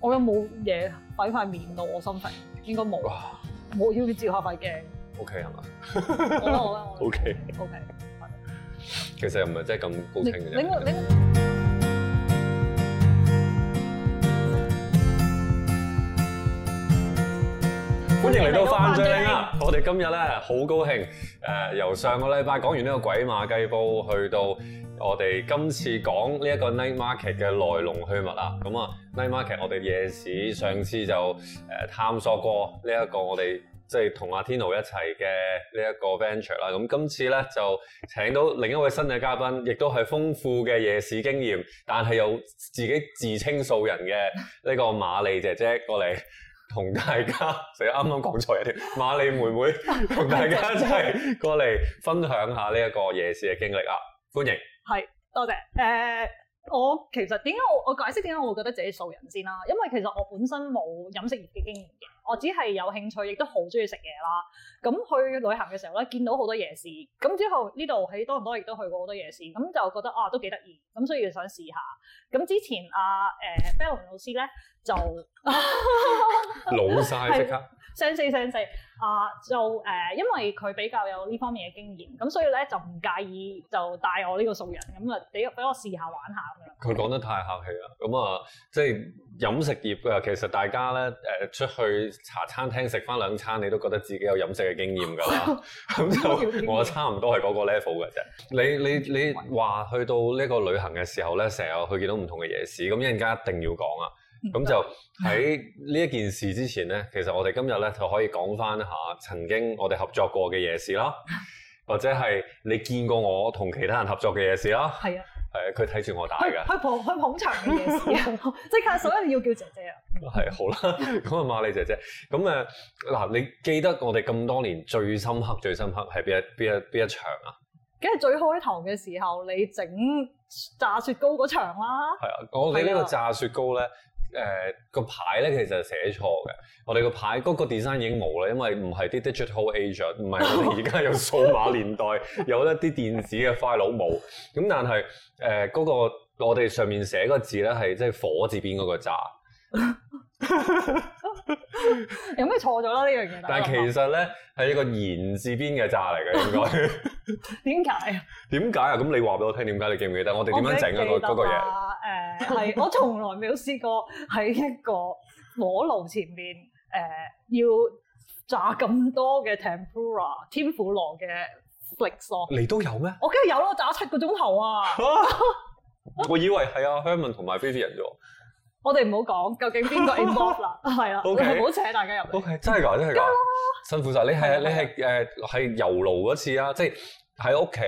我有冇嘢擺塊面到我心肺？應該冇，冇哇 要你照下塊鏡。O K 係嘛？O K O K。其實又唔係真係咁高清嘅啫。你你你你歡迎嚟到飯聚令啦！精我哋今日咧好高興，誒、呃、由上個禮拜講完呢個鬼馬雞煲去到。我哋今次講呢一個 night market 嘅來龍去脈啊，咁啊 night market 我哋夜市上次就誒探索過呢一個我哋即係同阿天奴一齊嘅呢一個 venture 啦，咁今次呢，就請到另一位新嘅嘉賓，亦都係豐富嘅夜市經驗，但係有自己自稱素人嘅呢個瑪莉姐姐過嚟同大家，就啱啱講錯啊，瑪莉妹妹同大家一齊過嚟分享下呢一個夜市嘅經歷啊，歡迎！係，多謝誒、呃。我其實點解我我解釋點解我會覺得自己素人先啦、啊，因為其實我本身冇飲食業嘅經驗嘅，我只係有興趣，亦都好中意食嘢啦。咁去旅行嘅時候咧，見到好多夜市，咁之後呢度喺多倫多亦都去過好多夜市，咁就覺得啊都幾得意，咁所以想試下。咁之前啊誒啤雲老師咧就老晒即刻。呃 三四三四啊，就誒、呃呃，因為佢比較有呢方面嘅經驗，咁所以咧就唔介意就帶我呢個素人，咁啊俾俾我試下玩下咁樣。佢講得太客氣啦，咁啊即係飲食業㗎，其實大家咧誒、呃、出去茶餐廳食翻兩餐，你都覺得自己有飲食嘅經驗㗎啦。咁 就我差唔多係嗰個 level 嘅啫。 你你你話去到呢個旅行嘅時候咧，成日去見到唔同嘅夜市，咁一陣間一定要講啊。咁就喺呢一件事之前咧，其實我哋今日咧就可以講翻下曾經我哋合作過嘅夜市啦，或者係你見過我同其他人合作嘅夜市啦。係啊，係啊，佢睇住我打嘅，去捧佢捧場嘅夜市啊，即 刻所以你要叫姐姐啊。係 好啦，咁啊，瑪莉姐姐，咁誒嗱，你記得我哋咁多年最深刻最深刻係邊一邊一邊一場啊？梗係最開堂嘅時候，你整炸雪糕嗰場啦。係啊，我哋呢個炸雪糕咧～誒個牌咧，其實寫錯嘅，我哋個牌嗰個 design 已經冇啦，因為唔係啲 digital agent，唔係我哋而家有數碼年代， 有一啲電子嘅 file 冇。咁但係誒嗰個我哋上面寫個字咧，係即係火字邊嗰個炸。 有咩錯咗啦？呢樣嘢，但係其實咧係一個言字邊嘅炸嚟嘅，應該點解啊？點解啊？咁你話俾我聽點解？你記唔記得我哋點樣整啊？嗰嗰個嘢誒，係、呃、我從來未有試過喺一個火爐前面誒、呃、要炸咁多嘅 tempura 天婦羅嘅 flexo 你都有咩？我梗係有啦，炸七個鐘頭啊！ 我以為係啊 Herman 同埋 Vivian 人啫。我哋唔好講究竟邊個 involve 啊，係啊，唔好請大家入嚟。O K，真係㗎，真係㗎。辛苦晒，你係你係誒係油爐嗰次啊，即係喺屋企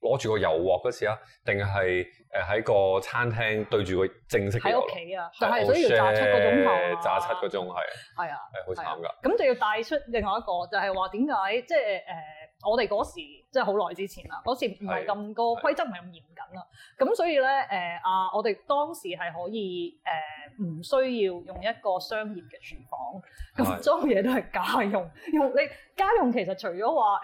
攞住個油鑊嗰次啊，定係誒喺個餐廳對住個正式油鑊喺屋企啊，就係所以要炸七個鐘頭，炸七個鐘係。係啊，係好慘㗎。咁就要帶出另外一個，就係話點解即係誒我哋嗰時。即係好耐之前啦，嗰時唔係咁多規則，唔係咁嚴謹啦。咁所以咧，誒、呃、啊，我哋當時係可以誒，唔、呃、需要用一個商業嘅廚房，咁所有嘢都係家用。用你家用其實除咗話誒，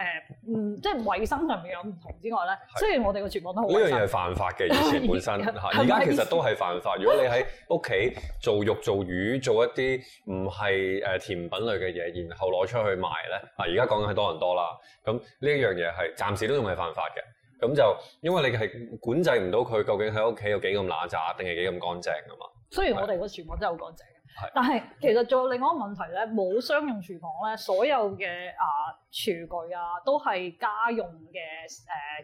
嗯、呃，即係衞生上面有唔同之外咧，是雖然我哋個廚房都好，呢樣嘢係犯法嘅，以前本身嚇，而家 其實都係犯法。如果你喺屋企做肉、做魚、做一啲唔係誒甜品類嘅嘢，然後攞出去賣咧，啊，而家講緊係多倫多啦。咁呢一樣嘢係，暫時都仲係犯法嘅，咁就因為你係管制唔到佢究竟喺屋企有幾咁邋遢，定係幾咁乾淨啊嘛。雖然我哋個廚房真係好乾淨，對但係其實仲有另外一個問題咧，冇商用廚房咧，所有嘅啊廚具啊都係家用嘅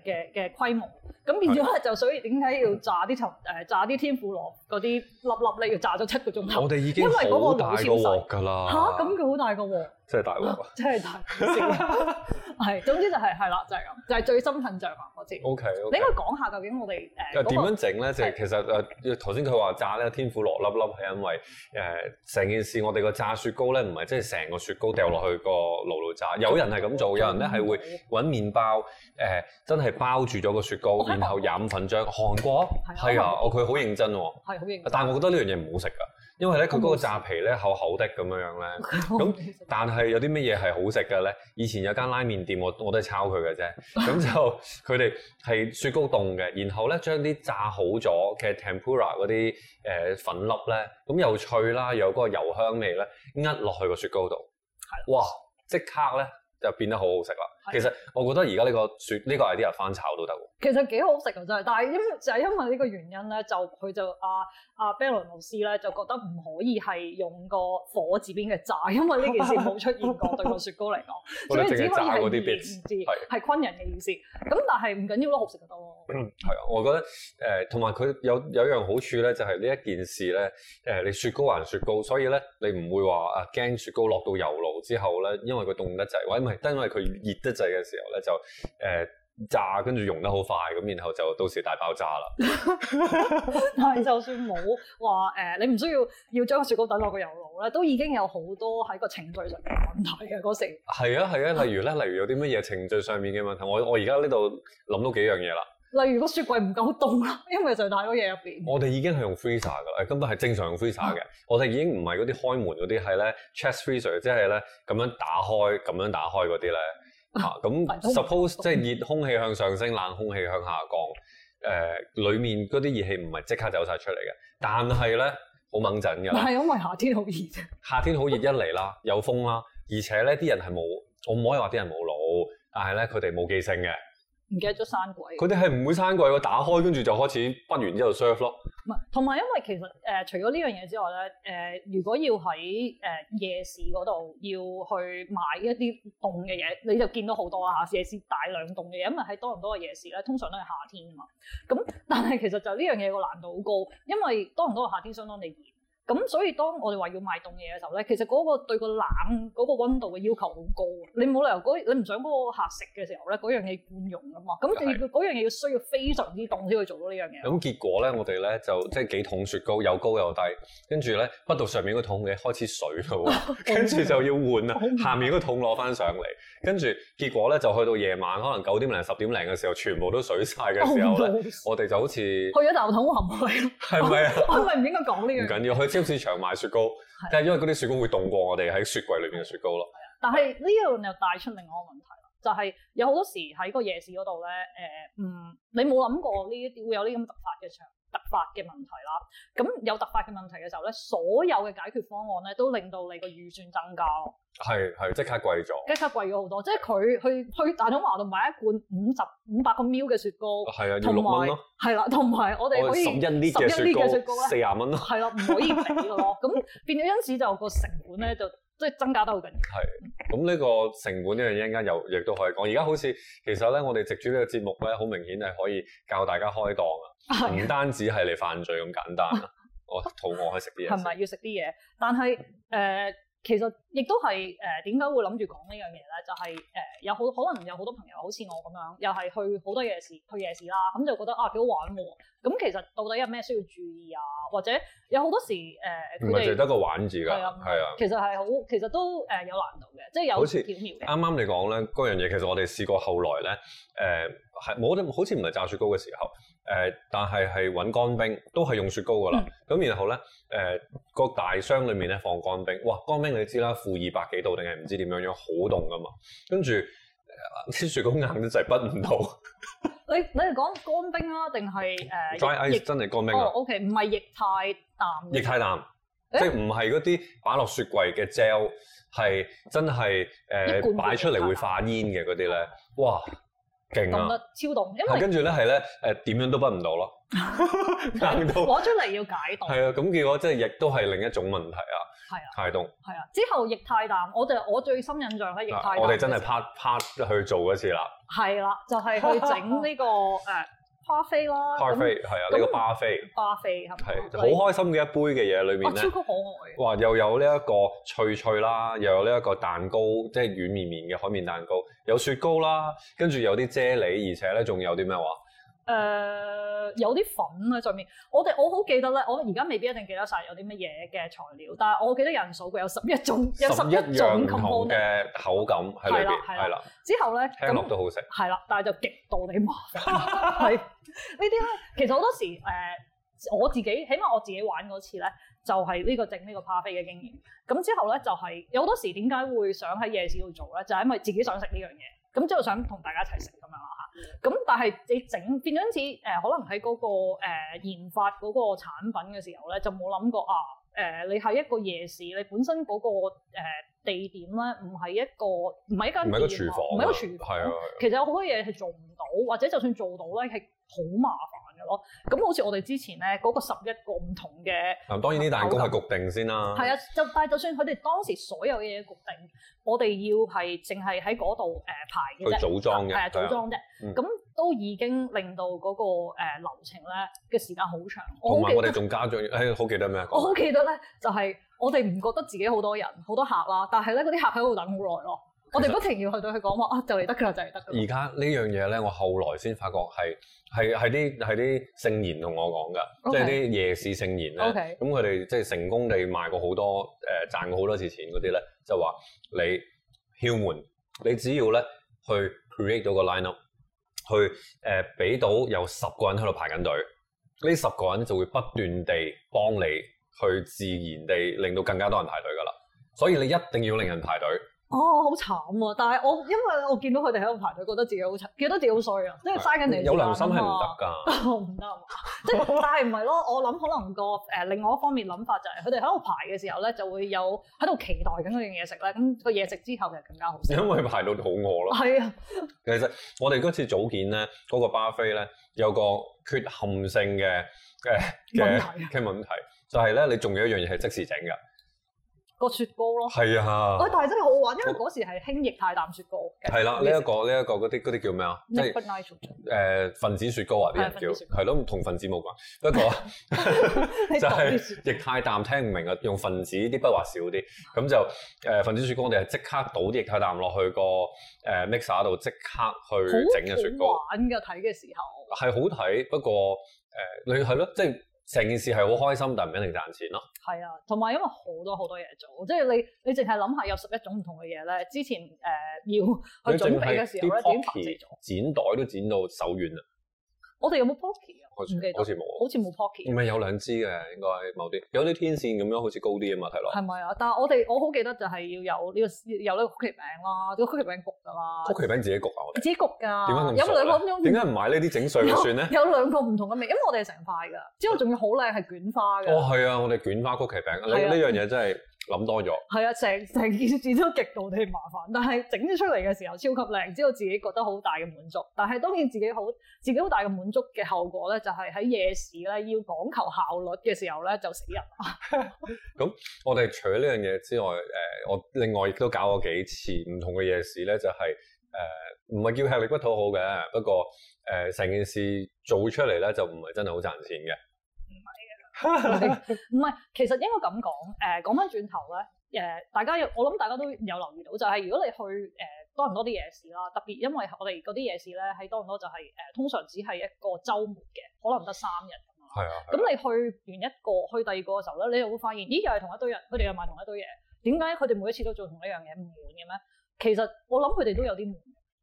誒嘅嘅規模，咁變咗就所以點解要炸啲尋、嗯、炸啲天婦羅嗰啲粒粒咧，要炸咗七個鐘頭？我哋已經好大、啊、大個鑊㗎啦嚇，咁佢好大個鑊喎，真係大個鑊，真係大。係，總之就係係啦，就係、是、咁，就係、是、最深刻印象啊！我知。O K O K，你應該講下究竟我哋誒點樣整咧？就是、是其實誒頭先佢話炸咧天婦羅粒粒係因為誒成、呃、件事，我哋個炸雪糕咧唔係即係成個雪糕掉落去個爐爐炸，有人係咁做，有人咧係會揾麵包誒、呃、真係包住咗個雪糕，然後飲粉漿。韓國係啊，我佢好認真喎，係好國、啊、認真，認真但係我覺得呢樣嘢唔好食噶。因為咧，佢嗰個炸皮咧，厚厚的咁 樣樣咧，咁 但係有啲乜嘢係好食嘅咧？以前有間拉麵店，我我都係抄佢嘅啫。咁 就佢哋係雪糕凍嘅，然後咧將啲炸好咗嘅 tempura 嗰啲誒、呃、粉粒咧，咁又脆啦，又有嗰個油香味咧，壓落去個雪糕度， 哇！即刻咧就變得好好食啦～其實我覺得而家呢個雪呢、呢個 idea 翻炒都得。其實幾好食㗎真係，但係因就係因為呢、就是、個原因咧，就佢就阿阿啤雲老師咧就覺得唔可以係用個火字邊嘅炸，因為呢件事冇出現過 對個雪糕嚟講， 所以炸可以係熱字係昆人嘅意思。咁但係唔緊要咯，好食得多咯。係啊，我覺得誒同埋佢有有樣好處咧，就係、是、呢一件事咧誒、呃、你雪糕還雪糕，所以咧你唔會話啊驚雪糕落到油爐之後咧，因為佢凍得滯，唔係因為佢熱得。嘅時候咧，就、呃、誒炸，跟住溶得好快，咁然後就到時大爆炸啦。 但係就算冇話誒，你唔需要要將雪糕等落個油爐咧，都已經有好多喺個程序上嘅問題嘅嗰時。係啊係啊，例如咧，例如有啲乜嘢程序上面嘅問題，我我而家呢度諗到幾樣嘢啦。例如個雪櫃唔夠凍啦，一唔係就太多嘢入邊。我哋已經係用 freezer 㗎啦，根本係正常用 freezer 嘅。嗯、我哋已經唔係嗰啲開門嗰啲係咧 chest freezer，即係咧咁樣打開咁樣打開嗰啲咧。吓，咁、啊、 suppose 即係熱空氣向上升，冷空氣向下降。誒、呃，裏面嗰啲熱氣唔係即刻走晒出嚟嘅，但係咧好掹陣嘅。但係因為夏天好熱，夏天好熱 一嚟啦，有風啦，而且咧啲人係冇，我唔可以話啲人冇腦，但係咧佢哋冇記性嘅。唔記得咗閂櫃，佢哋係唔會閂櫃喎，打開跟住就開始剝完之後 surf 咯。唔係，同埋因為其實誒、呃、除咗呢樣嘢之外咧，誒、呃、如果要喺誒、呃、夜市嗰度要去買一啲凍嘅嘢，你就見到好多啊！夜市大量凍嘅嘢，因為喺多倫多嘅夜市咧，通常都係夏天啊嘛。咁但係其實就呢樣嘢個難度好高，因為多倫多嘅夏天相當地熱。咁所以當我哋話要賣凍嘢嘅時候咧，其實嗰個對個冷嗰個温度嘅要求好高啊！你冇理由你唔想嗰個客食嘅時候咧，嗰樣嘢半溶啊嘛！咁對嗰樣嘢要需要非常之凍先可以做到呢樣嘢。咁的結果咧，我哋咧就即係幾桶雪糕又高又低，跟住咧不到上面嗰桶嘅開始水啦， 跟住就要換啦， 下面嗰桶攞翻上嚟，跟住結果咧就去到夜晚可能九點零十點零嘅時候，全部都水晒嘅時候咧，我哋就好似去咗大桶運費咯，係咪啊？我咪唔應該講呢、這、樣、個？唔緊要 喺市場買雪糕，係，就係因為啲雪糕會凍過我哋喺雪櫃裏邊嘅雪糕咯。但係呢樣又帶出另外一個問題啦，就係、是、有好多時喺個夜市嗰度咧，誒、呃、嗯，你冇諗過呢一啲會有呢咁突發嘅場。突發嘅問題啦，咁有突發嘅問題嘅時候咧，所有嘅解決方案咧都令到你個預算增加咯。係係，即刻貴咗，即刻貴咗好多。即係佢去去大東華度買一罐五十五百個 ml 嘅雪糕，係啊的，有要六蚊咯。係啦，同埋我哋可以十一呢隻雪糕，四廿蚊咯。係啦，唔可以唔俾嘅咯。咁 變咗因此就個成本咧，就即係增加得好緊要。係，咁呢個成本呢樣嘢，陣間又亦都可以講。而家好似其實咧，我哋藉住呢個節目咧，好明顯係可以教大家開檔啊。唔 單止係你犯罪咁簡單 我肚餓可以食啲嘢。係咪要食啲嘢？但係誒、呃，其實亦都係誒、點、呃、解會諗住講呢樣嘢咧？就係、是、誒、呃，有好可能有好多朋友好似我咁樣，又係去好多夜市，去夜市啦，咁、啊、就覺得啊幾好玩喎。咁其實到底有咩需要注意啊？或者有好多時誒，唔係淨係得個玩字噶，係啊，其實係好，其實都誒、呃、有難度嘅，即係有巧妙嘅。啱啱你講咧嗰樣嘢，其實我哋試過後來咧，誒、呃、係，我、呃、哋好似唔係炸雪糕嘅時候。誒，但係係揾乾冰，都係用雪糕噶啦。咁然後咧，誒，個大箱裏面咧放乾冰。哇，乾冰你知啦，負二百幾度定係唔知點樣樣，好凍噶嘛。跟住啲雪糕硬得就係崩唔到。你你係講乾冰啊，定係誒真係乾冰啊？OK，唔係液態氮。液態氮，即係唔係嗰啲擺落雪櫃嘅 gel 係真係誒擺出嚟會化煙嘅嗰啲咧？哇！凍、啊、得超凍，因為跟住咧，係咧，誒、點、呃、樣都滗唔 到咯，攞 出嚟，要解凍，係啊， 咁結果即係亦都係另一種問題啊，啊，太凍，係啊，之後液態氮，我哋我最深印象咧液態，我哋真係拍 a 去做一次啦，係啦，就係、是、去整呢、這個誒。 uh, 巴菲啦，呢個巴菲，巴菲係好開心嘅一杯嘅嘢裏面咧、啊，超級可愛。哇！又有呢一個脆脆啦，又有呢一個蛋糕，即係軟綿綿嘅海綿蛋糕，有雪糕啦，跟住有啲啫喱，而且咧仲有啲咩話？誒、uh, 有啲粉喺上面，我哋我好記得咧，我而家未必一定記得晒有啲乜嘢嘅材料，但係我記得有人數過有十一種，有十一種唔同嘅口感喺裏邊。係啦，係啦。了之後咧，咁都好食。係啦，但係就極度地麻。係 呢啲咧，其實好多時誒、呃，我自己起碼我自己玩嗰次咧，就係、是、呢個整呢個咖啡嘅經驗。咁之後咧，就係、是、有好多時點解會想喺夜市度做咧，就係、是、因為自己想食呢樣嘢，咁之後想同大家一齊食咁樣啦。咁、嗯、但係你整變咗似誒，可能喺嗰、那個、呃、研發嗰個產品嘅時候咧，就冇諗過啊誒、呃，你係一個夜市，你本身嗰、那個、呃、地點咧，唔係一個，唔係一間，唔係個廚房，唔係一個廚房，係啊、係啊，其實有好多嘢係做唔到，或者就算做到咧，係好麻煩。咁好似我哋之前咧嗰、那個十一個唔同嘅，咁當然啲蛋糕係焗定先啦。係啊，就但就算佢哋當時所有嘢焗定，我哋要係淨係喺嗰度誒排去組裝嘅，係啊、啊組裝啫。咁、嗯、都已經令到嗰個流程咧嘅時間好長。同埋我哋仲加咗誒，好、 哎、記得咩？我好記得咧，就係、是、我哋唔覺得自己好多人、好多客啦，但係咧嗰啲客喺度等好耐咯。我哋不停要去到佢講，話啊，就嚟得噶啦，就嚟得噶啦。而家呢樣嘢咧，我後來先發覺係係係啲係啲聖言同我講噶，Okay. 即係啲夜市聖言咧。咁佢哋即係成功地賣過好多誒，、呃，賺過好多次錢嗰啲咧，就話你竅門你只要咧去 create 到個 line up，去誒俾，、呃、到有十個人喺度排緊隊，呢十個人就會不斷地幫你去自然地令到更加多人排隊噶啦。所以你一定要令人排隊。哦，好慘啊！但係我因為我見到佢哋喺度排隊，覺得自己好慘，覺得自己好衰啊！即係嘥緊你嘅時間，有良心係唔得㗎，唔得！ 即、就、係、是， 但係唔係咯？我諗可能個誒、呃、另外一方面諗法就係，佢哋喺度排嘅時候咧，就會有喺度期待緊嗰樣嘢食咧。咁、那個嘢食之後其實更加好食，因為排到好餓咯。係啊，其實我哋嗰次組件咧，嗰、那個巴菲咧有個缺陷性嘅嘅嘅問題，就係、是、咧你仲有一樣嘢係即時整㗎。個雪糕咯，係啊！我但係真係好玩，因為嗰時係輕液態氮雪糕。係啦，呢一個呢一個嗰啲啲叫咩啊？即係誒分子雪糕啊啲人叫，係咯，同分子冇關。不過就係液態氮聽唔明啊，用分子啲筆畫少啲，咁就誒分子雪糕，我哋係即刻倒啲液態氮落去個誒 mixer 度即刻去整嘅雪糕。玩嘅睇嘅時候係好睇，不過誒你係咯，即係。成件事係好開心，但唔一定賺錢咯。係啊，同埋因為好多好多嘢做，即係你你淨係諗下有十一種唔同嘅嘢咧。之前誒、呃、要去準備嘅時候咧，點排，剪袋都剪到手軟啦。我哋有冇 pocky 啊？我唔記得，好似冇，好似冇 pocky。唔係有兩支嘅，應該某啲有啲天線咁樣，好似高啲啊嘛，睇落。係咪啊？但係我哋我好記得就係要有呢、呢個有呢個曲奇餅啦，呢個曲奇餅焗噶啦。曲奇餅自己焗啊？自己焗㗎。有兩個唔同。點解唔買呢啲整碎咁算呢？有兩個唔同嘅味，因為我哋係成塊㗎，之後仲要好靚係卷花嘅。哦，係啊，我哋卷花曲奇餅，呢呢樣嘢真係。 諗多咗，係啊！成成件事都極度地麻煩，但係整咗出嚟嘅時候超級靚，知道自己覺得好大嘅滿足。但係當然自己好自己好大嘅滿足嘅後果咧，就係、是、喺夜市咧要講求效率嘅時候咧就死人。咁 我哋除咗呢樣嘢之外，誒、呃、我另外亦都搞過幾次唔同嘅夜市咧，就係誒唔係叫吃力不討好嘅，不過誒成、呃、件事做出嚟咧就唔係真係好賺錢嘅。唔係， 其實應該咁講。誒、呃，講翻轉頭咧，誒，大家我諗大家都有留意到，就係如果你去誒、呃、多倫多啲夜市啦，特別因為我哋嗰啲夜市咧，喺多倫多就係、是、誒、呃、通常只係一個週末嘅，可能得三日咁樣。係啊。咁你去完一個，去第二個嘅時候咧，你又會發現，咦，又係同一堆人，佢哋又賣同一堆嘢。點解佢哋每一次都做同一樣嘢唔悶嘅咩？其實我諗佢哋都有啲悶。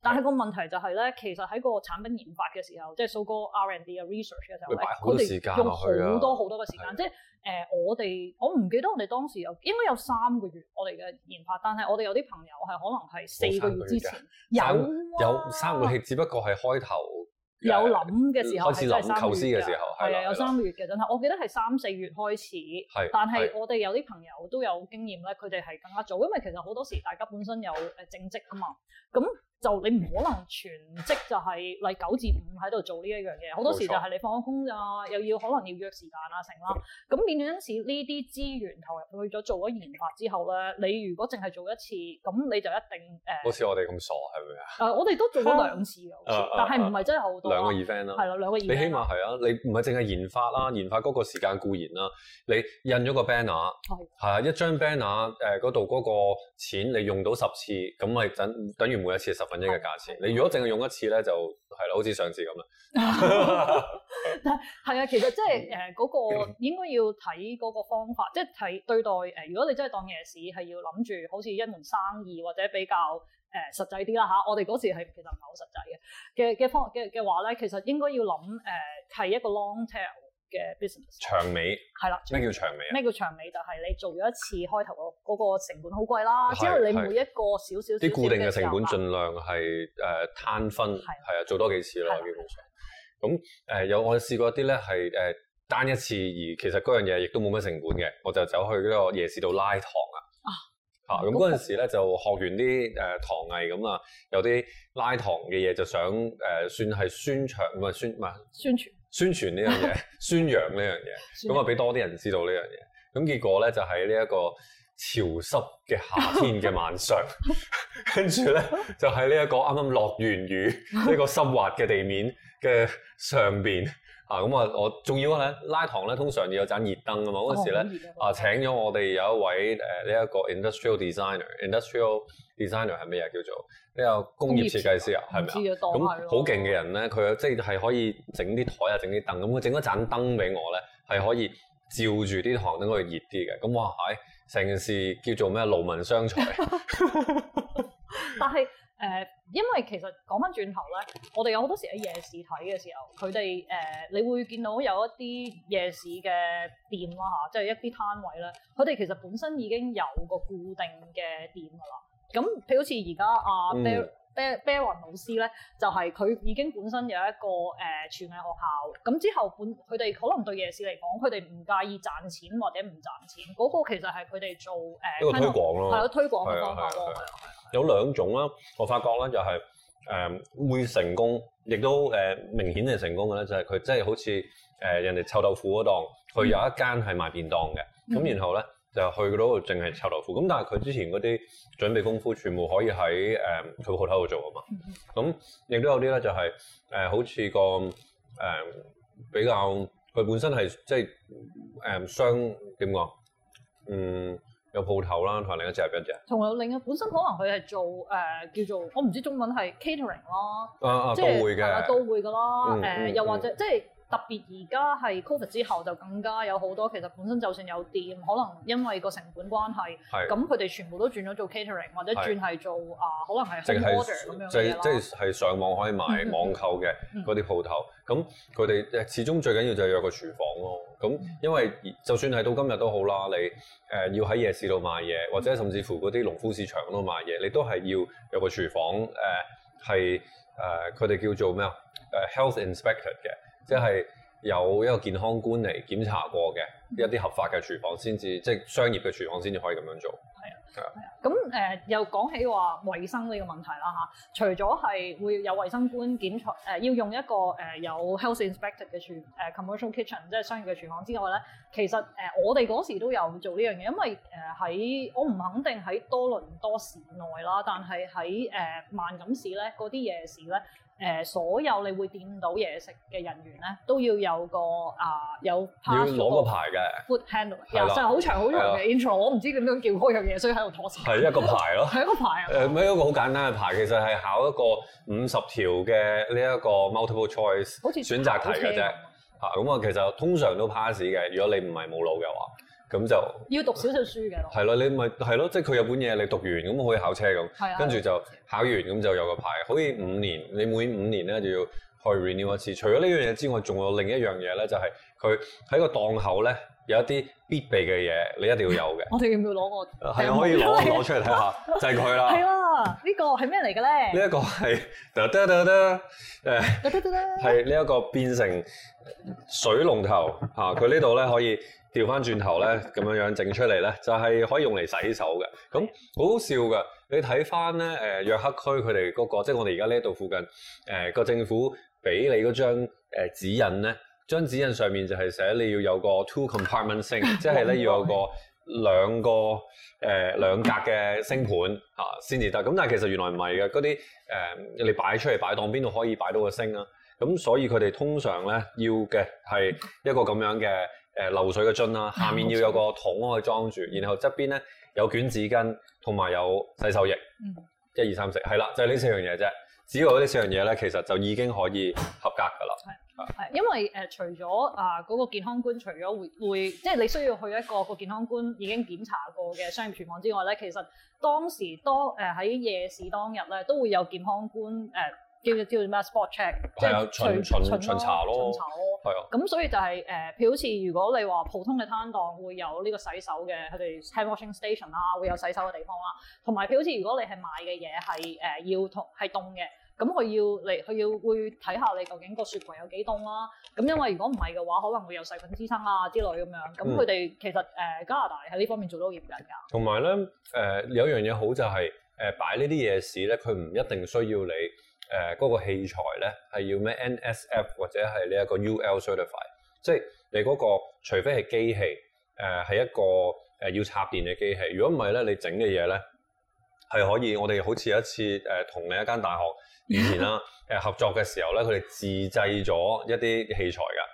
但係個問題就係咧，其實喺個產品研發嘅時候，即係數個 R and D 啊 research 嘅時候，我哋用好多好多嘅時間，是啊、即係誒我哋，我唔記得我哋當時有應該有三個月我哋嘅研發，但係我哋有啲朋友係可能係四個月之前月有有三個月，只不過係開頭有諗嘅時候，開始構思嘅時候，係啊有三個月嘅真係，我記得係三四月開始，係，但係我哋有啲朋友都有經驗咧，佢哋係更加早，因為其實好多時大家本身有誒正職啊嘛，咁。就你唔可能全職就係例九至五喺度做呢一樣嘢，好多時就係你放咗工咋，又要可能要約時間啊成啦。咁 變相係呢啲資源投入去咗做咗研發之後咧，你如果淨係做一次，咁你就一定誒。呃、好似我哋咁傻係咪啊？我哋都做咗兩次、啊、但係唔係真係好多、啊啊啊、兩個 event 啦、啊，兩個 event 啊、你起碼係啊，你唔係淨係研發啦、啊，研發嗰個時間固然啦、啊，你印咗個 banner，係啊的，一張 banner 誒、呃、嗰度嗰個錢你用到十次，咁咪等等於每一次十次。咁樣嘅價錢你如果淨係用一次咧，就係啦，好似上次咁啦。係啊， 其實即係誒嗰個應該要睇嗰個方法，即係睇對待誒。如果你真係當夜市，係要諗住好似一門生意或者比較誒實際啲啦嚇。我哋嗰時係其實唔係好實際嘅嘅嘅方嘅嘅話咧，其實應該要諗誒係一個 long tail 嘅 business，長尾係啦。咩叫長尾啊？咩叫長尾就係你做咗一次開頭個嗰個成本好貴啦。之後你每一個少少啲固定嘅成本，儘量係誒攤分，係啊，做多幾次咯，基本上。咁誒有我試過一啲咧係誒單一次，而其實嗰樣嘢亦都冇乜成本嘅，我就走去呢個夜市度拉糖啊。啊，咁嗰陣時咧就學完啲誒糖藝咁啊，有啲拉糖嘅嘢就想誒算係宣傳，唔係宣唔係宣傳。宣傳呢樣嘢，宣揚呢 樣嘢，咁啊俾多啲人知道呢樣嘢。咁結果咧就喺呢一個潮濕嘅夏天嘅晚上， 跟住咧就喺呢一個啱啱落完雨呢 個濕滑嘅地面嘅上邊。啊，咁啊，我仲要咧，拉糖咧通常要有盞熱燈噶嘛。嗰陣時咧啊，請咗我哋有一位誒呢一個 industrial designer。industrial designer 係咩嘢叫做呢個工業設計師啊？係咪啊？咁好勁嘅人咧，佢即係可以整啲台啊，整啲凳咁。佢整一盞燈俾我咧，係可以照住啲糖，等佢熱啲嘅。咁哇，唉，成件事叫做咩？勞民傷財。因為其實講翻轉頭咧，我哋有好多時喺夜市睇嘅時候，佢哋誒你會見到有一啲夜市嘅店啦吓，即係一啲攤位咧，佢哋其實本身已經有個固定嘅店噶啦。咁譬如好似而家阿 Bill 啤啤雲老師咧，就係、是、佢已經本身有一個誒、呃、廚藝學校，咁之後本佢哋可能對夜市嚟講，佢哋唔介意賺錢或者唔賺錢，嗰、那個其實係佢哋做誒，呃、一個推廣咯，係啊，推廣方法咯，啊啊啊啊啊、有兩種啦，我發覺咧就係、是、誒、呃、會成功，亦都誒、呃、明顯係成功嘅咧，就係佢即係好似誒、呃、人哋臭豆腐嗰檔，佢、嗯、有一間係賣便當嘅，咁、嗯、然後咧。嗯就去嗰度淨係炸豆腐，咁但係佢之前嗰啲準備功夫全部可以喺誒佢鋪頭度做啊嘛。咁亦都有啲咧，就係誒好似個誒比較佢本身係即係誒商點講？嗯，有鋪頭啦，同埋另一隻係邊一隻？同埋另一本身可能佢係做誒叫做我唔知中文係 catering 咯，即係都會嘅，都會嘅啦。誒又或者即係。特別而家係 COVID 之後，就更加有好多其實本身就算有店，可能因為個成本關係，咁佢哋全部都轉咗做 catering，或者轉係做啊是、呃，可能係 order 咁樣，即係即係上網可以買網購嘅嗰啲鋪頭。咁佢哋誒始終最緊要就係有個廚房咯。咁因為就算係到今日都好啦，你誒、呃、要喺夜市度賣嘢，或者甚至乎嗰啲農夫市場嗰度賣嘢，你都係要有個廚房誒係誒，佢、呃、哋、呃、叫做咩啊？誒 health inspector 嘅，即係有一個健康官嚟檢查過嘅一啲合法嘅廚房，先至即係商業嘅廚房先至可以咁樣做。係啊，係啊，係啊。咁誒、呃、又講起話衞生呢個問題啦吓、啊、除咗係會有衞生官檢查，誒、呃、要用一個誒、呃、有 health inspector 嘅廚誒、呃、commercial kitchen，即係商業嘅廚房之外咧，其實誒、呃、我哋嗰時都有做呢樣嘢，因為誒喺、呃、我唔肯定喺多倫多市內啦，但係喺誒曼錦市咧嗰啲夜市咧。誒所有你會掂到嘢食嘅人員咧，都要有個啊、呃、有要攞個牌嘅 food handler，其實好長好長嘅 intro，啦我唔知點樣叫嗰樣嘢，所以喺度拖神。係一個牌咯，係 一個牌啊！誒，咪一個好 簡單嘅牌，其實係考一個五十條嘅呢一個 multiple choice 好似像 選擇題嘅啫。嚇，咁啊，其實通常都 pass 嘅，如果你唔係冇腦嘅話。咁就要讀少少書嘅，係咯，你咪係咯，即係佢有本嘢，你讀完咁可以考車咁，跟住就考完咁就有個牌，好似五年，你每五年咧就要去 renew 一次。除咗呢樣嘢之外，仲有另一樣嘢咧，就係佢喺個檔口咧有一啲必備嘅嘢，你一定要有嘅。我哋要唔要攞個？係可以攞攞出嚟睇下，就係佢啦。係啦，呢個係咩嚟嘅咧？呢一個係得得得得，誒，係呢一個變成水龍頭嚇，佢呢度咧可以。調翻轉頭咧，咁樣樣整出嚟咧，就係、是、可以用嚟洗手嘅。咁好好笑嘅，你睇翻咧誒，約克區佢哋嗰個，即係我哋而家呢度附近誒個、呃、政府俾你嗰張、呃、指引咧，張指引上面就係寫你要有個 two compartment sink，即係咧要有個兩個誒、呃、兩格嘅星盤 sink 盤嚇先至得。咁、啊、但係其實原來唔係嘅，嗰啲誒你擺出嚟擺檔邊度可以擺到個 sink 啊？咁所以佢哋通常咧要嘅係一個咁樣嘅。誒流水嘅樽啦，下面要有個桶去裝住，然後側邊咧有卷紙巾，同埋有,有洗手液，一、嗯、二、三、四，係啦，就呢、係、四樣嘢啫。只要呢四樣嘢咧，其實就已經可以合格㗎啦。係，係，是因為誒、呃、除咗啊嗰個健康官除，除咗會會，即係你需要去一個、嗰個健康官已經檢查過嘅商業廚房之外咧，其實當時當誒喺夜市當日咧，都會有健康官誒。呃叫叫咩？spot check 即係巡隨巡巡查咯，巡查咯，係啊。咁所以就係、是、譬、呃、如好似如果你話普通嘅攤檔會有呢個洗手嘅佢哋 hand washing station 啦，嗯、會有洗手嘅地方啦。同埋譬如好似如果你係賣嘅嘢係誒要同係凍嘅，咁佢要嚟佢要會睇下你究竟個雪櫃有幾凍啦。咁因為如果唔係嘅話，可能會有細菌滋生啊之類咁樣。咁佢哋其實誒、嗯嗯、加拿大喺呢方面做到好嚴謹㗎。同埋咧誒有樣嘢好就係誒擺呢啲夜市咧，佢唔一定需要你。誒嗰、呃那個器材咧係要咩 NSF 或者係呢一個 UL certified，即係你嗰、那個除非係機器，誒、呃、係一個誒要插電嘅機器。如果唔係咧，你整嘅嘢咧係可以，我哋好似一次誒同另一間大學以前啦誒、啊呃、合作嘅時候咧，佢哋自製咗一啲器材㗎。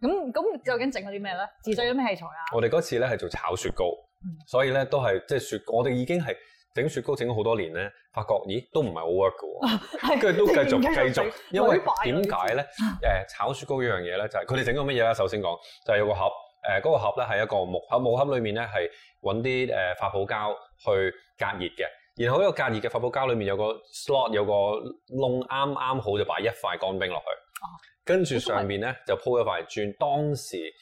咁咁究竟整咗啲咩咧？自製咗咩器材啊？我哋嗰次咧係做炒雪糕，嗯、所以咧都係即係雪，我哋已經係。整雪糕整咗好多年咧，發覺咦都唔係好 work 嘅喎，跟住 都繼續繼續，因為點解咧？誒炒雪糕呢樣嘢咧，就係佢哋整咗乜嘢咧？首先講就係、是、有個盒，誒、呃、嗰、那個盒咧係一個木盒，木盒裏面咧係揾啲誒發泡膠去隔熱嘅，然後喺個隔熱嘅發泡膠裏面有個 slot 有個窿，啱啱好就擺一塊乾冰落去，跟住上面咧就鋪一塊磚，當時。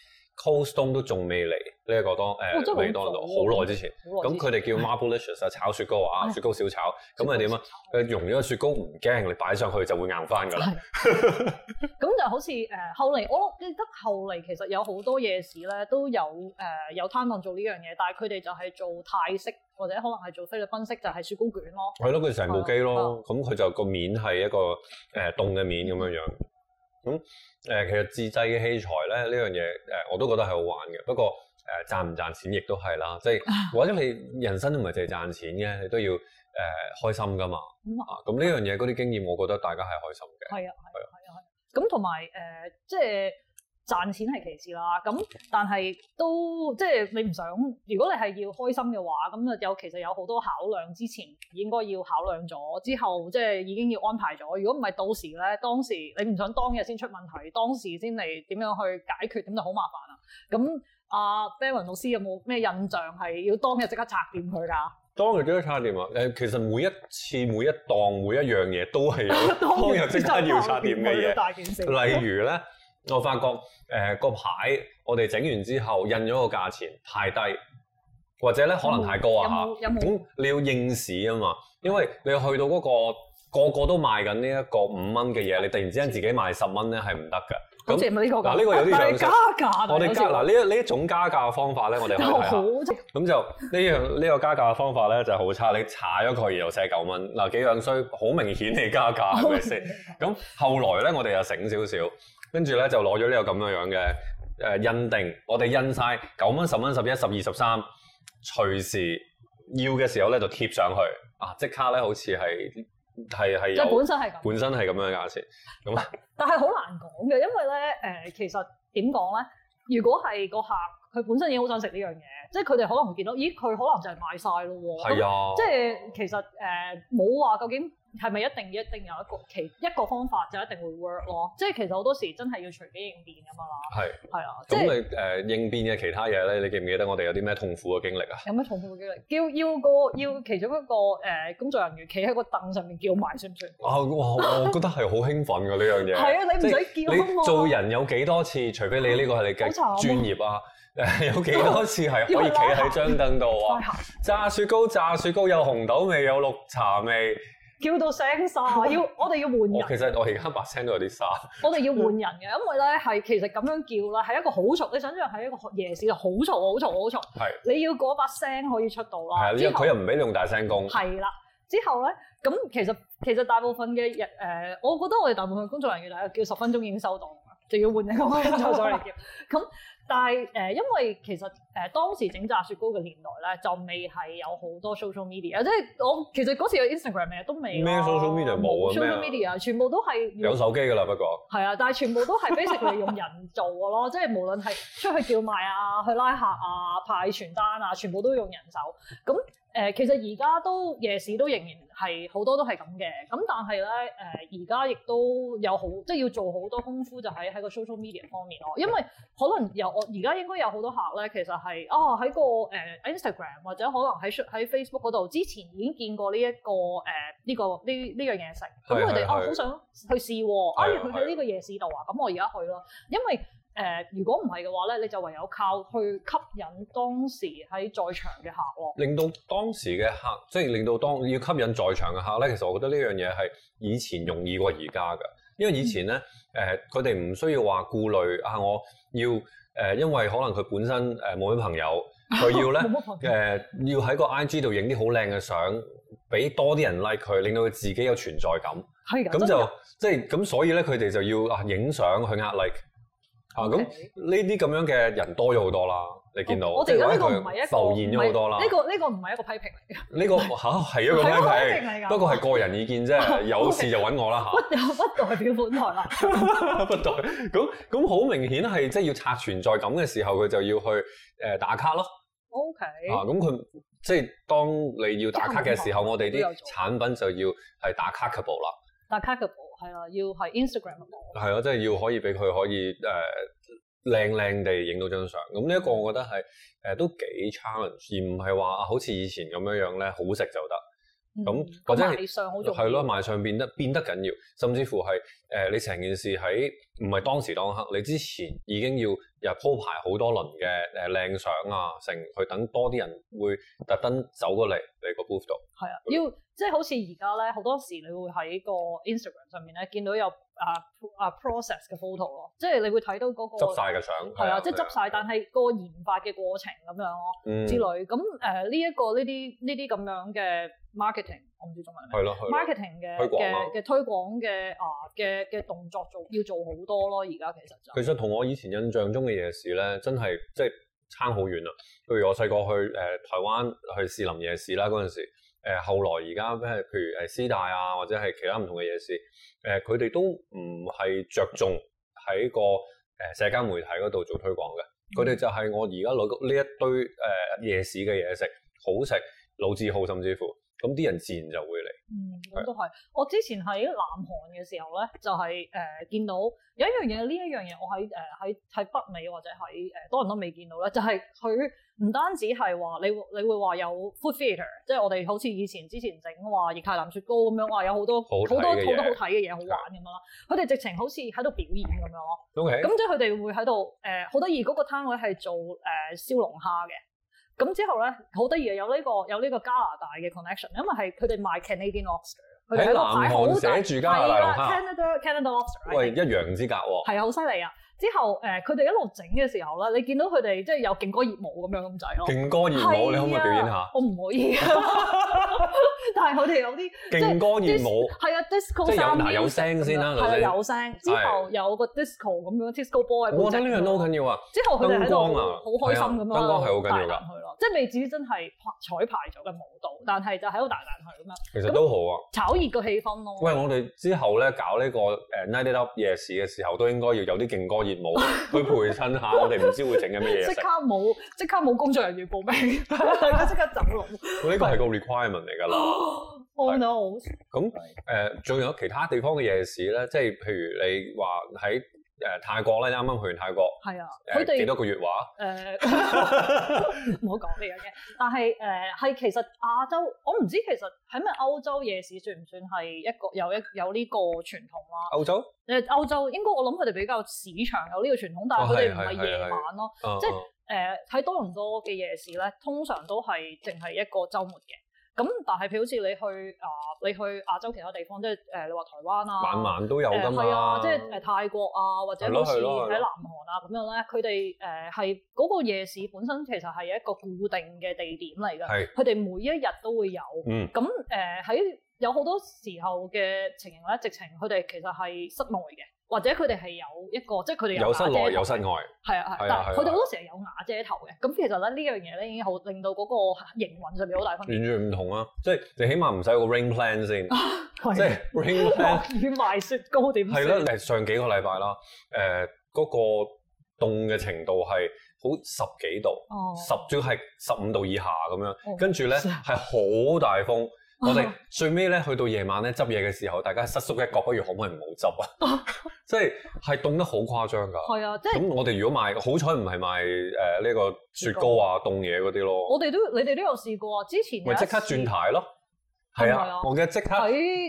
Cold Stone 都仲未嚟呢一個檔，誒攤檔度好耐之前。咁佢哋叫 Marbleicious 炒雪糕啊，雪糕小炒。咁係點啊？佢融咗個雪糕唔驚，你擺上去就會硬翻㗎喇。咁就好似誒後嚟，我記得後嚟其實有好多夜市咧都有誒有攤檔做呢樣嘢，但係佢哋就係做泰式或者可能係做菲律賓式，就係雪糕卷咯。係咯，佢成部機咯，咁佢就個面係一個誒凍嘅面咁樣樣。咁誒，其實自製嘅器材咧，呢樣嘢誒，我都覺得係好玩嘅。不過誒，賺唔賺錢亦都係啦，即係或者你人生都唔係凈係賺錢嘅，你都要誒、呃、開心㗎嘛。咁呢樣嘢嗰啲經驗，我覺得大家係開心嘅。係啊，係啊，係啊，咁同埋誒，即係。賺錢係其次啦，咁但係都即係你唔想，如果你係要開心嘅話，咁啊有其實有好多考量，之前應該要考量咗，之後即係已經要安排咗。如果唔係到時咧，當時你唔想當日先出問題，當時先嚟點樣去解決，咁就好麻煩啦。咁阿 Ben 老師有冇咩印象係要當日即刻拆掂佢噶？當日即刻拆掂啊！誒，其實每一次、每一檔、每一樣嘢都係 當日即刻要拆掂嘅嘢。例如咧。我發覺誒、呃、個牌我哋整完之後印咗個價錢太低，或者咧、嗯、可能太高啊吓。咁你要應市啊嘛，因為你去到嗰、那個個個都賣緊呢一個五蚊嘅嘢，你突然之間自己賣十蚊咧係唔得㗎。咁即係呢個嗱呢個都要加價。我哋加嗱呢呢一種加價嘅方法咧，我哋好差。咁就呢樣呢個加價嘅方法咧就係、是、好差。你踩咗佢，然後寫九蚊嗱幾樣衰，好明顯你加價係咪先？咁 後來咧我哋又醒少少。跟住咧就攞咗呢個咁樣樣嘅誒印定，我哋印晒九蚊、十蚊、十一、十二、十三，隨時要嘅時候咧就貼上去啊！即刻咧好似係係係有，即本身係咁，本身係咁樣嘅價錢咁啊。 但係好難講嘅，因為咧誒、呃，其實點講咧？如果係個客佢本身已經好想食呢樣嘢，即係佢哋可能見到，咦？佢可能就係賣晒咯喎，係啊呀！即係其實誒冇話究竟。係咪一定一定有一個其一個方法就一定會 work 咯？即係其實好多時真係要隨機應變㗎嘛～係係啊，咁的即你誒、呃、應變嘅其他嘢咧，你記唔記得我哋有啲咩痛苦嘅經歷啊？有咩痛苦嘅經歷？叫要個要其中一個誒、呃、工作人員企喺個凳上面叫埋算唔算？我哇！我覺得係好興奮㗎呢樣嘢。係啊， 你唔使叫即你做人有幾多次？ 除非你呢個係你嘅專業 啊？有幾多次係可以企喺張凳度啊？炸雪糕，炸雪糕有紅豆味，有綠茶味。叫到聲沙，要我哋要換人， 要換人。其實我而家把聲都有啲沙。我哋要換人嘅，因為咧係其實咁樣叫啦，係一個好嘈。你想象係一個夜市就好嘈，好嘈，好嘈。係。的你要嗰把聲可以出到啦。係的，因為佢又唔俾你用大聲公。係啦，之後咧，咁其實其實大部分嘅人誒，我覺得我哋大部分工作人員啊，叫十分鐘已經收到。就要換一個新裝嚟叫，咁 但係誒、呃，因為其實誒、呃、當時整扎雪糕嘅年代咧，就未係有好多 social media，即係我其實嗰時 Inst 有 Instagram 嘅都未。咩 social media 冇啊？social media 麼全部都係有手機㗎啦，不過係啊，但係全部都係 basically 用人做嘅咯， 即係無論係出去叫賣啊、去拉客啊、派傳單啊，全部都用人手咁。誒其實而家都夜市都仍然係好多都係咁嘅，咁但係咧誒而家亦都有好即係要做好多功夫就喺喺個 social media 方面咯，因為可能有，我而家應該有好多客咧，其實係啊喺個誒、呃、Instagram 或者可能喺喺 Facebook 嗰度之前已經見過呢、呢、一個誒呢、呃呢個呢呢樣嘢食，咁佢哋哦，好是的 想去試喎、啊，啊佢喺呢個夜市度啊，咁我而家去咯，因為。誒，如果唔係嘅話咧，你就唯有靠去吸引當時喺在，在場嘅客咯。令到當時嘅客，即係令到當要吸引在場嘅客咧，其實我覺得呢樣嘢係以前容易過而家㗎，因為以前咧，誒佢哋唔需要話顧慮啊，我要誒、呃，因為可能佢本身誒冇咩朋友，佢要咧誒、 呃、要喺個 IG 度影啲好靚嘅相，俾多啲人 like 佢，令到佢自己有存在感。係咁的，咁就即係咁，所以咧佢哋就要啊影相去呃 like。啊，咁呢啲咁樣嘅人多咗好多啦，你見到，我哋呢個唔係一個，浮現咗好多啦，唔係呢個呢個唔係一個批評嚟嘅。呢個嚇係一個批評，不過係個人意見啫，有事就揾我啦嚇，不代表本台啦，不代。咁咁好明顯係即係要拆存在感嘅時候，佢就要去誒打卡咯。OK。啊，咁佢即係當你要打卡嘅時候，我哋啲產品就要係打卡嘅布啦。打卡嘅布。係啦，要係 Instagram 啊，係咯，即係要可以俾佢可以誒、呃、靚靚地影到張相。咁呢一個我覺得係誒、呃、都幾 challenge，而唔係話啊好似以前咁樣樣咧，好食就、嗯、得。咁或者係咯，賣相變得變得緊要，甚至乎係誒、呃、你成件事喺唔係當時當刻，你之前已經要日鋪排好多輪嘅誒、呃、靚相啊，成去等多啲人會特登走過嚟。個 booth 度係啊，樣要即係好似而家咧，好多時你會喺個 Instagram 上面咧見到有啊啊，啊 process 嘅 photo 咯，即係你會睇到嗰、那個執曬嘅相係啊，即係執晒，啊、但係個研發嘅過程咁樣咯，嗯、之類咁，誒呢一個呢啲呢啲咁樣嘅 mark、啊啊、marketing，我唔知仲係咩係咯，marketing 嘅嘅嘅推廣嘅啊嘅嘅動作做要做好多咯，而家其實就其實同我以前印象中嘅夜市咧，真係即係。差好遠啊。譬如我細個去誒、呃、台灣去士林夜市啦嗰陣時，誒、呃、後來而家即係譬如誒師大啊，或者係其他唔同嘅夜市，誒佢哋都唔係着重喺個誒社交媒體嗰度做推廣嘅，佢哋、嗯、就係我而家攞呢一堆誒、呃、夜市嘅嘢食，好食老字號甚至乎。咁啲人自然就會嚟。嗯，咁都係。我之前喺南韓嘅時候咧，就係、是、誒、呃、見到有一樣嘢，呢一樣嘢我喺誒喺喺北美或者喺誒、呃、多人都未見到咧，就係佢唔單止係話你，你會你會話有 food theatre，即係我哋好似以前之前整話液態氮雪糕咁樣，話有好多好多好多好多好睇嘅嘢好玩咁樣啦。佢哋直情好似喺度表演咁樣咯。咁 Okay. 即係佢哋會喺度誒好得意嗰個攤位係做誒、呃、燒龍蝦嘅。咁之後呢，好得意啊！有呢、這個有呢個加拿大嘅 connection，因為係佢哋賣 Canadian lobster，佢哋喺南韓寫住加拿大。Canada Canada lobster，喂，一樣之隔喎。係好犀利啊！之後誒，佢哋一路整嘅時候咧，你見到佢哋即係有勁歌熱舞咁樣咁滯咯。勁歌熱舞，你可唔可以表演下？我唔可以。但係佢哋有啲勁歌熱舞。係啊 disco，即係嗱有聲先啦。係啦，有聲。之後有個 disco 咁樣，disco boy。我覺得呢樣都好緊要啊。之後佢哋喺度好開心咁樣，帶人去咯。即係未至於真係彩排咗嘅舞蹈，但係就喺度帶人去咁樣。其實都好啊。炒熱個氣氛咯。喂，我哋之後咧搞呢個誒 Night It Up 夜市嘅時候，都應該要有啲勁歌熱 舞， 去培訓下，我哋唔知會整緊乜嘢。即刻冇，即刻冇工作人員報名，大家即刻走佬。呢 個係個 requirement 嚟㗎啦。Who knows？咁誒，仲日後有，時時、嗯、有其他地方嘅夜市咧？即係譬如你話喺。誒、呃、泰國咧，啱啱去完泰國，係啊，佢哋幾多個月話？誒、呃，唔好講呢樣嘢。 但係誒，係、呃、其實亞洲，我唔知其實係咪歐洲夜市算唔算係一個有一個有呢個傳統啦、啊？歐洲？誒、呃，歐洲應該我諗佢哋比較市場有呢個傳統，但係佢哋唔係夜晚咯，即係誒喺多倫多嘅夜市咧，通常都係淨係一個周末嘅。咁但係譬如好似你去啊、呃，你去亞洲其他地方，即係誒，你話台灣啊，晚晚都有㗎嘛，呃、啊，即係誒泰國啊，或者好似喺南韓啊咁樣咧，佢哋誒係嗰個夜市本身其實係一個固定嘅地點嚟嘅，佢哋係，每一日都會有。咁誒喺有好多時候嘅情形咧，直情佢哋其實係室內嘅。或者佢哋係有一個，即係佢哋有室內有室外，係啊係，啊啊啊但係佢哋好多時係有瓦遮頭嘅。咁其實咧，呢樣嘢咧已經好令到嗰個營運上面好大分別。完全唔同啊！即係你起碼唔使有個 rain plan 先， 對即係 rain plan。 落雨賣雪糕點算？係啦， 上幾個禮拜啦，誒、呃、嗰、那個凍嘅程度係好十幾度，十主要係十五度以下咁樣，跟住咧係好大風。 我哋最尾咧，去到夜晚咧執嘢嘅時候，大家失縮一角，不如可唔可以唔好執啊？ 即係係凍得好誇張㗎。係啊，即係。咁我哋如果賣，好彩唔係賣誒呢個雪糕啊、凍嘢嗰啲咯。我哋都你哋都有試過啊，之前咪即刻轉台咯。係啊，啊我記得即刻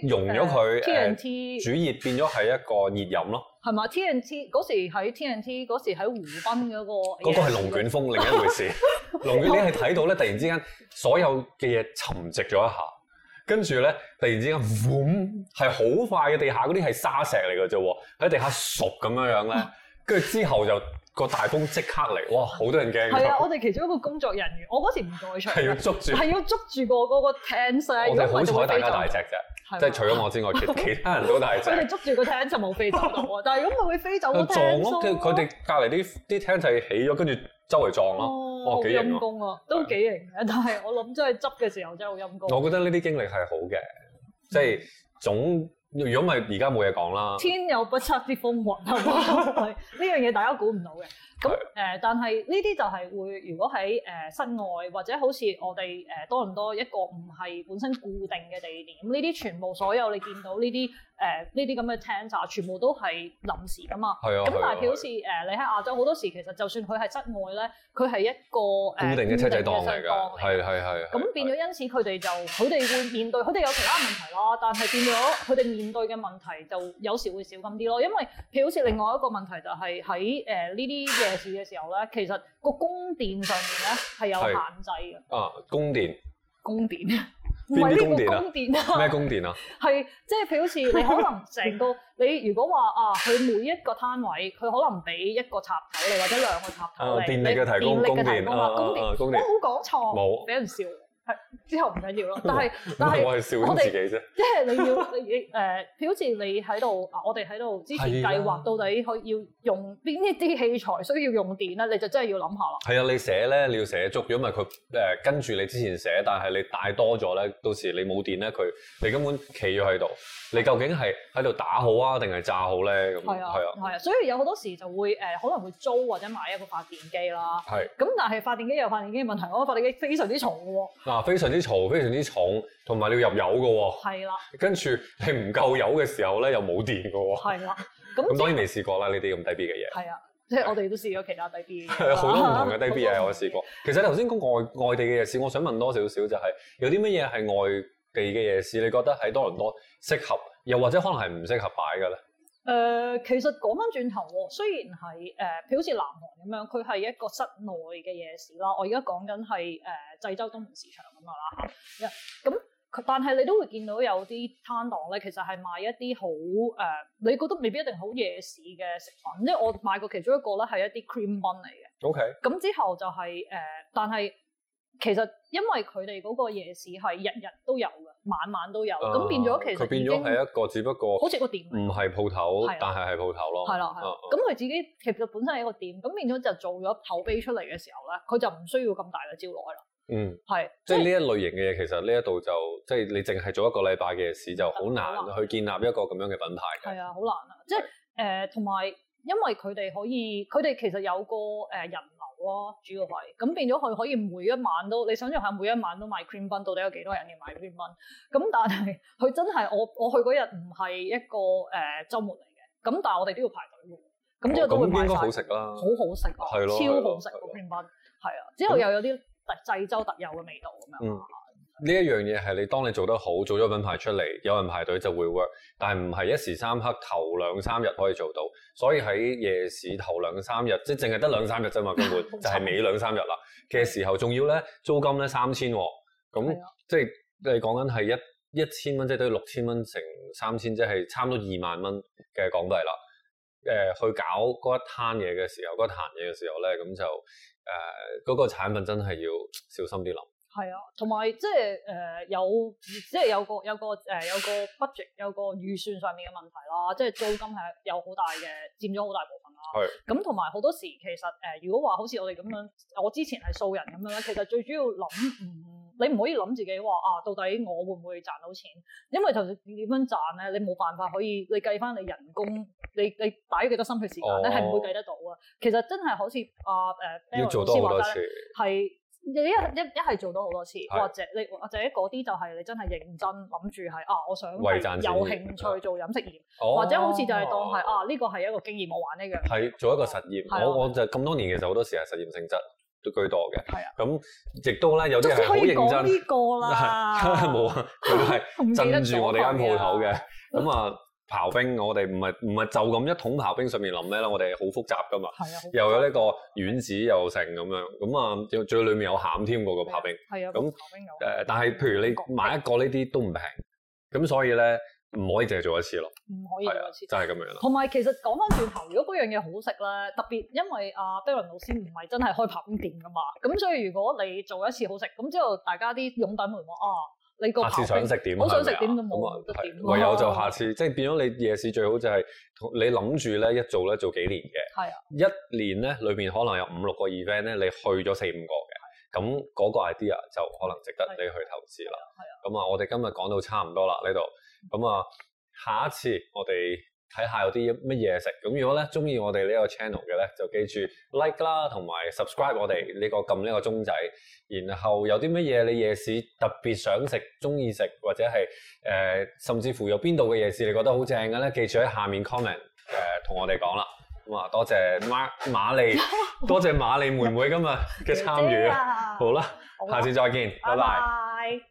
溶咗佢 TNT 主頁變咗係一個熱飲咯。係嘛？TNT 嗰時喺 TNT 嗰時喺湖濱嗰個嗰個係龍捲風 另一回事。 龍捲你係睇到咧，突然之間所有嘅嘢沉寂咗一下。跟住咧，突然之間，係好快嘅地下嗰啲係沙石嚟嘅啫，喺地下熟咁樣樣咧，跟住之後就個大風即刻嚟，哇！好多人驚嘅。係啊，我哋其中一個工作人員，我嗰時唔在場。係要捉住。係要捉住個嗰個 tent 先。我哋好彩大家大隻啫，即係嗎除咗我之外，其他人都大隻。佢哋捉住個 tent 就冇飛走喎，但係如果佢飛走，我撞、 啊、屋佢哋隔離啲啲 tent 就起咗，跟住。周圍撞咯，幾陰功啊，都幾型嘅。是的 但係我諗真係執嘅時候真係好陰功。我覺得呢啲經歷係好嘅， 即係總如果唔係而家冇嘢講啦。天有不測之風雲係嘛？呢樣嘢大家估唔到嘅。咁誒，但係呢啲就係會，如果喺誒室外或者好似我哋誒多倫多一個唔係本身固定嘅地點，呢啲全部所有你見到呢啲誒呢啲咁嘅 tent 啊，全部都係臨時噶嘛。係啊。咁但係譬如好似誒你喺亞洲好多時，其實就算佢係室外咧，佢係一個固定嘅車仔檔嚟㗎，係係係。咁變咗，因此佢哋就佢哋會面對，佢哋有其他問題啦。但係變咗佢哋面對嘅問題，就有時會少咁啲咯。因為譬如好似另外一個問題就係喺誒呢啲嘢嘅時候咧，其實個供電上面咧係有限制嘅。啊，供電！供電，唔係呢個供電咩供電啊？係即係譬如好似你可能成個你如果話啊，佢每一個攤位佢可能俾一個插頭你或者兩個插頭你，啊。電力嘅提供，電力嘅提供供電啊！供電我冇講錯，冇俾人笑。之後唔緊要咯，但係 是但係是我係笑自己啫， 即係你要你誒，好、呃、似你喺度，我哋喺度之前計劃到底佢要用邊一啲器材，需要用電咧，你就真係要諗下啦。係啊，你寫咧你要寫足，如果唔係佢誒跟住你之前寫，但係你帶多咗咧，到時你冇電咧，佢你根本企咗喺度，你究竟係喺度打好啊，定係炸好咧？咁係啊，係啊，係啊，啊所以有好多時就會誒、呃，可能會租或者買一個發電機啦。係咁的，的但係發電機有發電機嘅問題，我發電機非常之重嘅喎。啊非常之嘈，非常之重，同埋你要入油嘅喎。啦的。跟住你唔夠油嘅時候咧，又冇電嘅喎。係啦。咁所以未試過啦呢啲咁低 B 嘅嘢。係啊，即、就、係、是、我哋都試咗其他低 B。好多唔同嘅低 B 嘢、啊、我試過。很多 其實頭先講外外地嘅夜市，我想問多少少就係、是、有啲乜嘢係外地嘅夜市？你覺得喺多倫多適合，又或者可能係唔適合擺嘅咧？誒、呃、其實講翻轉頭，雖然係、呃、譬如好似南韓咁樣，佢係一個室內嘅夜市啦。我而家講緊係誒濟州東門市場咁樣啦。咁、嗯嗯、但係你都會見到有啲攤檔咧，其實係賣一啲好誒，你覺得未必一定好夜市嘅食品。即係我買過其中一個咧，係一啲 cream bun 嚟嘅。OK、嗯。咁之後就係、是、誒、呃，但係其實因為佢哋嗰個夜市係日日都有㗎。晚晚都有，咁變咗其實佢變咗係一個，只不過好似個店，唔係鋪頭，是啊、但係係鋪頭咯。係啦，咁佢自己其實本身係一個店，咁變咗就做咗口碑出嚟嘅時候咧，佢就唔需要咁大嘅招徠啦。嗯，係，即係呢一類型嘅嘢，其實呢一度就即係你淨係做一個禮拜嘅事，就好難去建立一個咁樣嘅品牌。係啊，好難啊！即係誒，同埋、呃、因為佢哋可以，佢哋其實有個誒人哇！主要係咁，變咗佢可以每一晚都你想象下，每一晚都賣 cream bun，到底有幾多人要買 cream bun？咁但係佢真係我我去嗰日唔係一個誒、呃、週末嚟嘅，咁但係我哋都要排隊喎。咁之後都會排曬。哦、應該好食啦。好好食啊！係咯的，超好食個 cream bun，係啊。之後又有啲濟州特有嘅味道咁樣。嗯呢一樣嘢係你當你做得好，做咗品牌出嚟，有人排隊就會 work，但係唔係一時三刻頭兩三日可以做到。所以喺夜市頭兩三日，即係淨係得兩三日啫嘛，根本就係尾兩三日啦嘅 憐時候，仲要咧租金咧三千喎、哦。咁 即係你講緊係一一千蚊，即係都要六千蚊乘三千，即係差唔多二萬蚊嘅港幣啦。誒、呃，去搞嗰一攤嘢嘅時候，嗰攤嘢嘅時候咧，咁就誒嗰、呃嗰個產品真係要小心啲諗。係啊，同埋即係誒、呃，有即係有個有個誒、呃、有個 budget，有個預算上面嘅問題啦。即係租金係有好大嘅，佔咗好大部分啦。係是。咁同埋好多時其實誒、呃，如果話好似我哋咁樣，我之前係素人咁樣咧，其實最主要諗唔、嗯，你唔可以諗自己話啊，到底我會唔會賺到錢？因為就算點樣賺咧，你冇辦法可以你計翻你人工，你你擺咗幾多心血時間，哦、你係唔會計得到啊。其實真係好似阿誒，呃呃、要做多好多次，係。你一一一係做到好多次，的或者你或者嗰啲就係你真係認真諗住係啊，我想係有興趣做飲食業，哦、或者好似就係當係啊呢個係一個經驗我玩呢樣，係做一個實驗的。我我就咁多年其實好多時係實驗性質都居多嘅。係啊的，咁亦都咧有啲係好認真呢個啦，冇啊， 係鎮住我哋間鋪頭嘅咁啊。就 刨冰我哋唔係唔係就咁一桶刨冰上面淋咩啦，我哋好複雜噶嘛，又有呢個丸子又成咁 Okay. 樣，咁啊最最裏面有餡添喎，嗰個刨冰，咁誒那那但係譬如你買一個呢啲都唔平，咁所以咧唔可以凈係做一次咯，唔可以做一次，真係咁樣。同埋其實講翻轉頭，如果嗰樣嘢好食咧，特別因為阿啤雲老師唔係真係開刨冰店噶嘛，咁所以如果你做一次好食，咁之後大家啲擁躉會話啊。你下次想食點，好想食點都冇，唯有就下次、嗯、即係變咗你夜市最好就係、係、同你諗住咧一做咧做幾年嘅，啊、一年咧裏邊可能有五六個 event 咧，你去咗四五個嘅，咁嗰個 idea 就可能值得你去投資啦。咁啊，啊啊我哋今日講到差唔多啦呢度，咁啊下一次我哋。睇下有啲乜嘢食，咁如果咧中意我哋呢個 channel 嘅咧，就記住 like 啦，同埋 subscribe 我哋呢、呢個撳呢個鐘仔。然後有啲乜嘢你夜市特別想食、中意食，或者係誒、呃、甚至乎有邊度嘅夜市你覺得好正嘅咧，記住喺下面 comment 誒同我哋講啦。咁啊，多謝馬、瑪莉， 多謝瑪莉妹妹，妹今日嘅參與。好啦，下次再見，拜拜吧。Bye bye